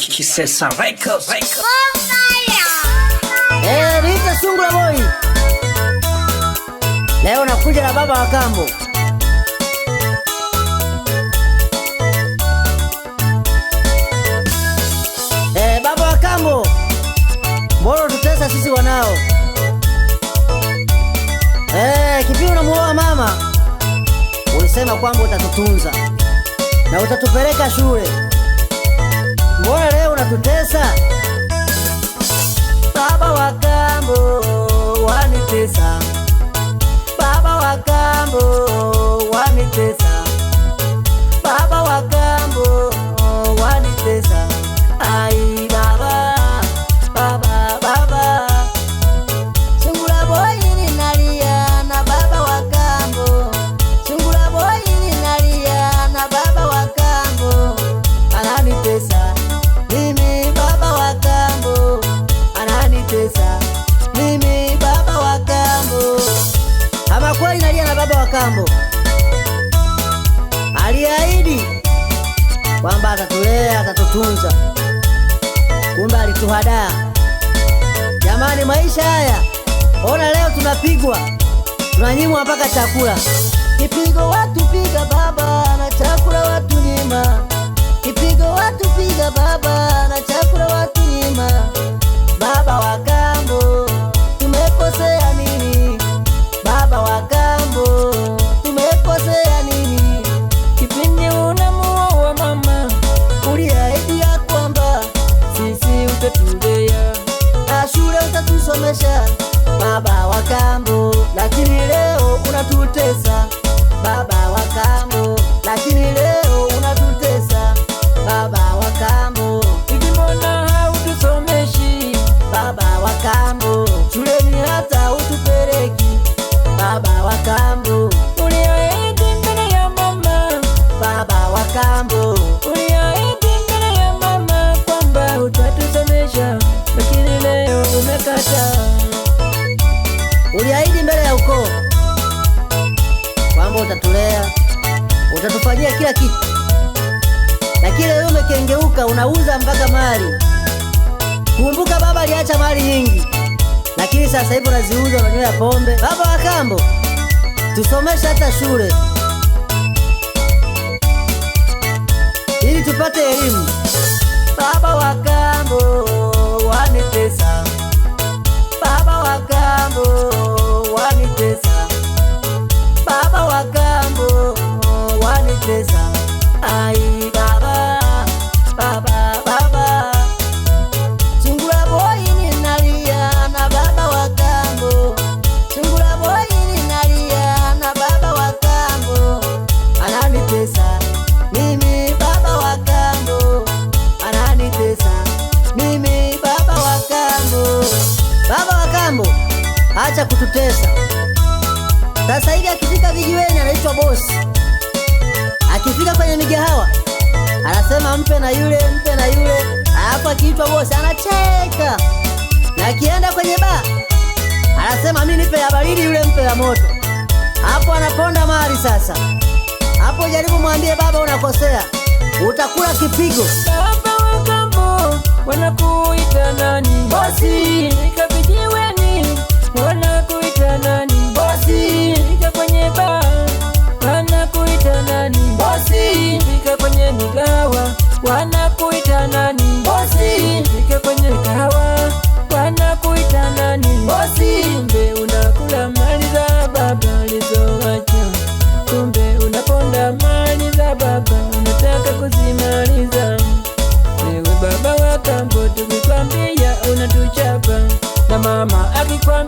Kisesa Records. Eh, Rita Sungura Boy. Leo nakuja na baba wa kambo. Eh, baba wa kambo. Mbona tutesa sisi wanao? Eh, kipi unamuoa mama? Ulisema kwamba utatutunza na utatupeleka shule mbona leo unatutesa? Baba wa kambo wanitesa, baba wa kambo wanitesa atatulea, akatutunza, kumbe alituhadaa. Jamani, maisha haya, ona leo tunapigwa, tunanyimwa mpaka chakula. Kipigo watu piga baba na chakula watu nyima, kipigo watu piga baba na chakula watu nyima, baba wa kambo kambo, lakini leo unatutesa baba wa kambo, lakini leo unatutesa baba wa kambo, ikimona hautusomeshi baba wa kambo, shuleni hata utupeleki baba wa kambo, ulioende mbele ya mama baba wa kambo utatulea, utatufanyia kila kitu, lakini yume umekengeuka, unauza mpaka mali. Kumbuka baba aliacha mali nyingi, lakini sasa hivi unaziuza, unanywea pombe. Baba wa kambo, tusomesha hata shule ili tupate elimu. Baba wa kambo anaitwa bosi. Akifika kwenye migahawa anasema mpe na yule, mpe na yule, alafu akiitwa bosi anacheka, na akienda kwenye baa anasema mimi nipe ya baridi, yule mpe ya moto. Hapo anaponda mali sasa. Hapo jaribu mwambie baba, unakosea, utakula kipigo. Baba wanakuita nani? Bosi.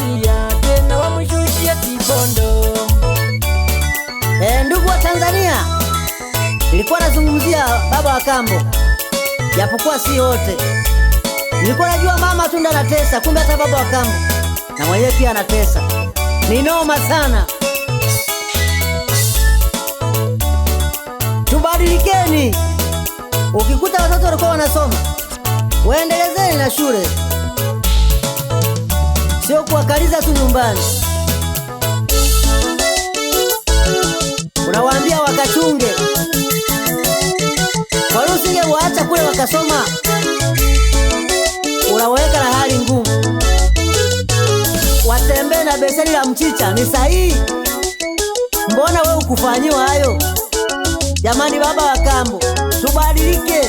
kusikia tena wamshushia kibondo. E, eh, ndugu wa Tanzania, nilikuwa nazungumzia baba wa kambo, japokuwa si wote. Nilikuwa najua mama Tunda anatesa, kumbe hata baba wa kambo na mwenyewe pia anatesa. Ni noma sana, tubadilikeni. Ukikuta watoto walikuwa wanasoma, waendelezeni na shule sio kuwakaliza tu nyumbani. Unawaambia wakachunge, kwani usinge waacha kule wakasoma, unawaweka na hali ngumu. Watembee na beseni la mchicha ni sahihi? Mbona we ukufanyiwa hayo? Jamani, baba wa kambo, tubadilike.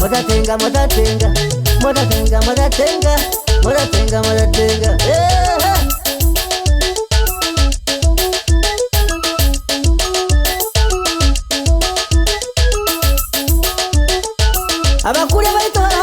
mother tinga, mother tinga, mother tinga, mother tinga, mother tinga, mother tinga, Yeah. abakuru baitohora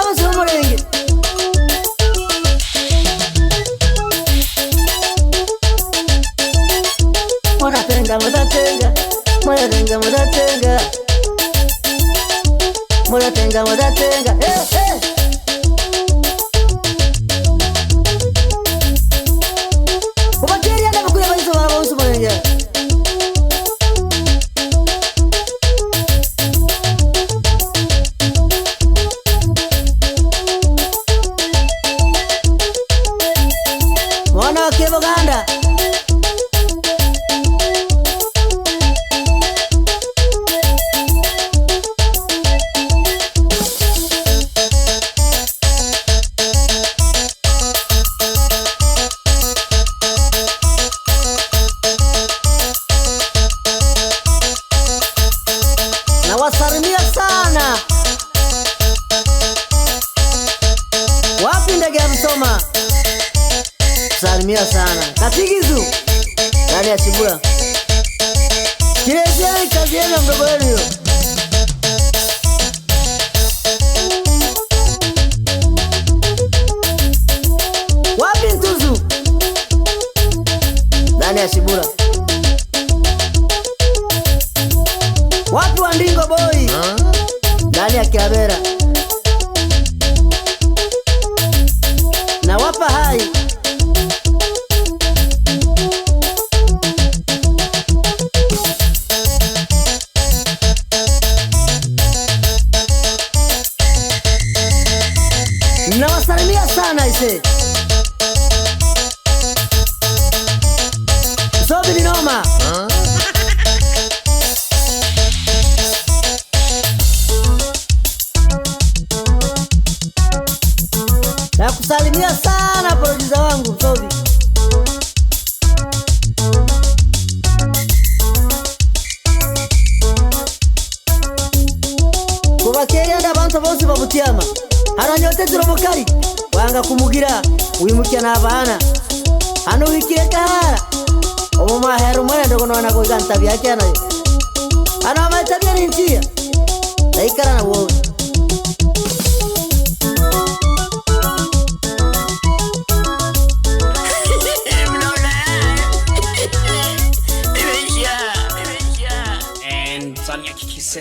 yake amsoma salimia sana katigizu ndani ya chibula kilezeni kazi ya mdogo wenu hiyo wapi ntuzu ndani ya wapi wandingo boi ah. ndani ya kiabera na wapai nawasalimia sana ise zobilinoma huh? namtumia sana producer wangu Sobi. kubakeryada abantu bose babutiama haranyotezira omukali wanga kumugira na n'abaana hano wikire kahara omu mahera mwenda gonoona kuiga ntabyakya nayo hano na ninkiya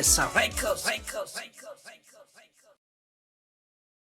ça va être